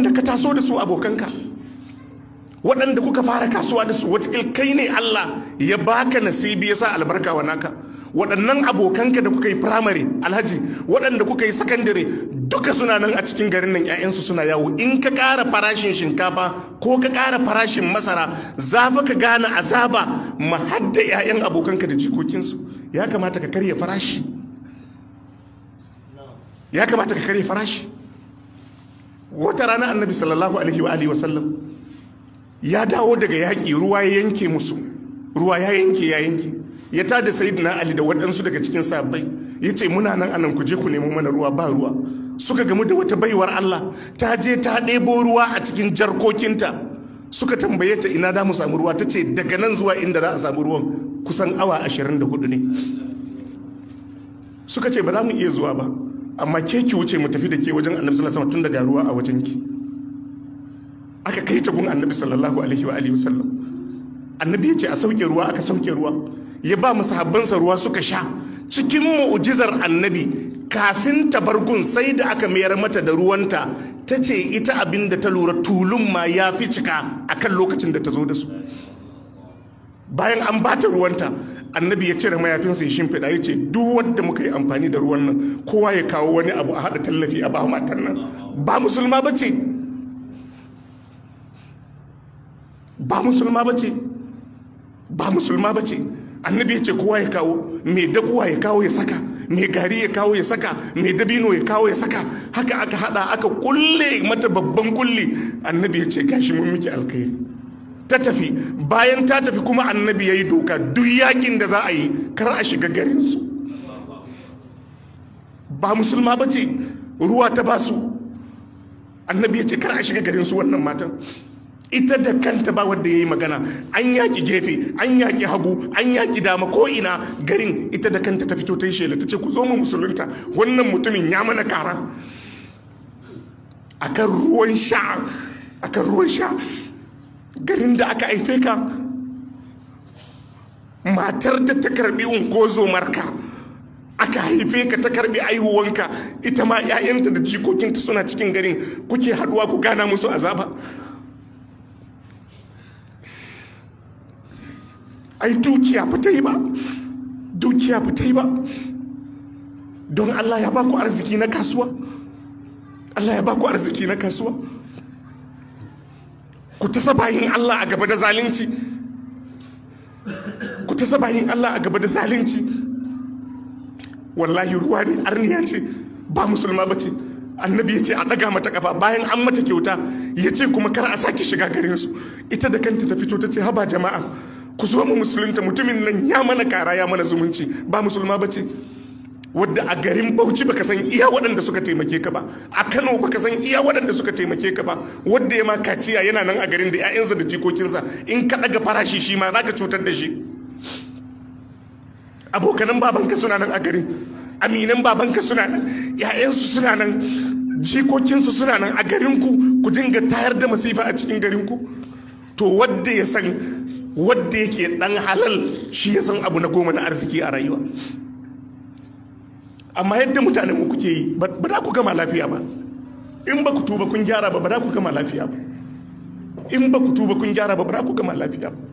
waɗanda ka taso da su abokanka waɗanda kuka fara kasuwa da su watakil kai ne Allah ya baka nasibi ya sa albarka wa naka waɗannan abokanka da kuka yi firamare alhaji waɗanda kuka yi sakandare duka suna nan a cikin garin nan 'ya'yansu suna yawo in ka kara farashin shinkafa ko ka kara farashin masara za fa ka gane azaba ma hadda 'ya'yan abokanka da jikokinsu ya kamata ka karya farashi ya kamata ka karya farashi wata rana annabi sallallahu alaihi wa alihi wasallam ya dawo daga yaƙi ruwa ya yanke musu ruwa ya yanke ya yanke ya tada sayyidina ali da waɗansu daga cikin sahabbai ya ce muna nan anan ku je ku nemo mana ruwa ba ruwa suka gamu da wata baiwar Allah ta je ta ɗebo ruwa a cikin jarkokinta suka tambaye ta ina da mu samu ruwa ta ce daga nan zuwa inda za a samu ruwan kusan awa ashirin da hudu ne suka ce ba za mu iya zuwa ba amma ke ki wuce mu tafi da ke wajen annabi sallallahu alaihi wasallam tun daga ruwa a wajen ki aka kai ta gun annabi sallallahu alaihi wa alihi wasallam annabi ya ce a sauke ruwa aka sauke ruwa ya ba mu sahabbansa ruwa suka sha cikin mu'jizar annabi kafin tabargun sai da aka mayar mata da ruwanta ta ce ita abin da ta lura tulun ma ya fi cika akan lokacin da ta zo da su bayan an bata ruwanta annabi ya cire mayafinsa ya shimfiɗa ya ce duk wanda muka yi amfani da ruwan nan kowa ya kawo wani abu a haɗa tallafi a ba matan nan ba musulma ba ce ba musulma ba ce ba musulma ba ce annabi ya ce kowa ya kawo mai dabuwa ya kawo ya saka mai gari ya kawo ya saka mai dabino ya kawo ya saka haka aka haɗa aka kulle mata babban kulle. annabi ya ce gashi mun miki alkhairi ta tafi bayan ta tafi kuma annabi ya yi doka duk yakin da za a yi kar a shiga garinsu ba musulma ba ce ruwa ta ba su annabi ya ce kar a shiga garinsu wannan matan ita da kanta ba wadda ya yi magana an yaƙi gefe an yaƙi hagu an yaƙi dama ko ina garin ita da kanta ta fito ta yi shela ta ce ku zo mu musulunta wannan mutumin ya mana kara akan ruwan sha akan ruwan sha garin da aka haife ka matar da ta karbi ungozomarka aka haife ka ta karbi aihuwanka ita ma 'ya'yanta da jikokinta suna cikin garin kuke haduwa ku gana musu azaba ai dukiya fita yi ba dukiya ba yi ba don allah ya baku arziki na kasuwa allah ya baku arziki na kasuwa ku ta sabayin Allah a gaba da zalunci ku ta sabayin Allah a gaba da zalunci wallahi ruwa ne arniya ce ba musulma ba annabi ya ce a ɗaga mata kafa bayan an mata kyauta ya ce kuma kar a sake shiga garinsu ita da kanta ta fito ta ce haba jama'a ku zo mu musulunta mutumin nan ya mana kara ya mana zumunci ba musulma bace. ce wadda a garin bauchi baka san iya waɗanda suka taimake ka ba a kano baka san iya waɗanda suka taimake ka ba wadda ya ma kaciya yana nan a garin da 'ya'yansa da jikokinsa in ka ɗaga farashi shi ma za ka cutar da shi abokanan babanka suna nan a garin aminan babanka suna nan 'ya'yansu suna nan jikokinsu suna nan a garinku ku dinga tayar da masifa a cikin garinku to wadda ya san wadda yake ɗan halal shi ya san abu na goma na arziki a rayuwa amma yadda mutanen mu kuke yi ba za ku gama lafiya ba in ba ku tuba kun gyara ba ba za ku gama lafiya ba in ba ku tuba kun gyara ba ba za ku gama lafiya ba